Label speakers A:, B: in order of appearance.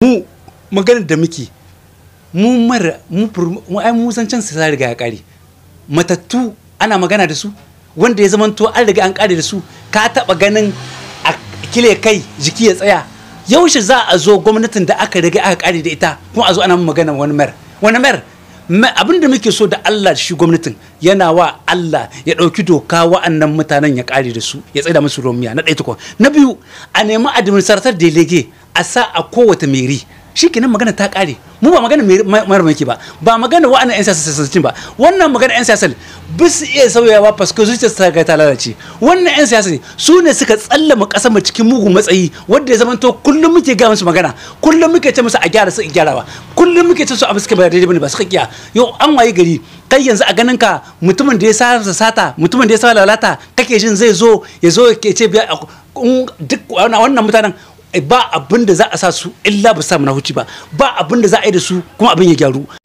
A: mu maganar da muke mu mara mu ai mu san can sai riga ya kare matattu ana magana da su wanda ya zamanto an riga an kare da su ka taba ganin a kile kai jiki ya tsaya yaushe za a zo gwamnatin da aka riga aka kare da ita kuma a zo ana magana wani mer wani mer abin da muke so da Allah shi gwamnatin yana wa Allah ya ɗauki doka wa'annan mutanen ya kare da su ya tsaya musu romiya na ɗaya tukun na biyu a nemi administrator delegate a sa a kowace meri Shi kenan magana ta kare mu ba magana mara mai ba ba magana wa'annan yan siyasa sassan ba wannan magana yan siyasa bis iya sauyawa fasko zuciyar ta kai ta lalace wannan yan siyasa su ne suka tsallama kasar mu cikin mugun matsayi wanda ya zama to kullum muke ga musu magana kullum muke ce musu a gyara su gyarawa kullum muke ce su a suka bayar daidai ba su kakiya yau an waye gari kai yanzu a ganin ka mutumin da ya sa sata mutumin da ya sa lalata kake jin zai zo ya zo ya ce biya duk wannan mutanen ba abin da za a sa su illa ba samu na huci ba ba abin da za a yi da su kuma abin ya gyaru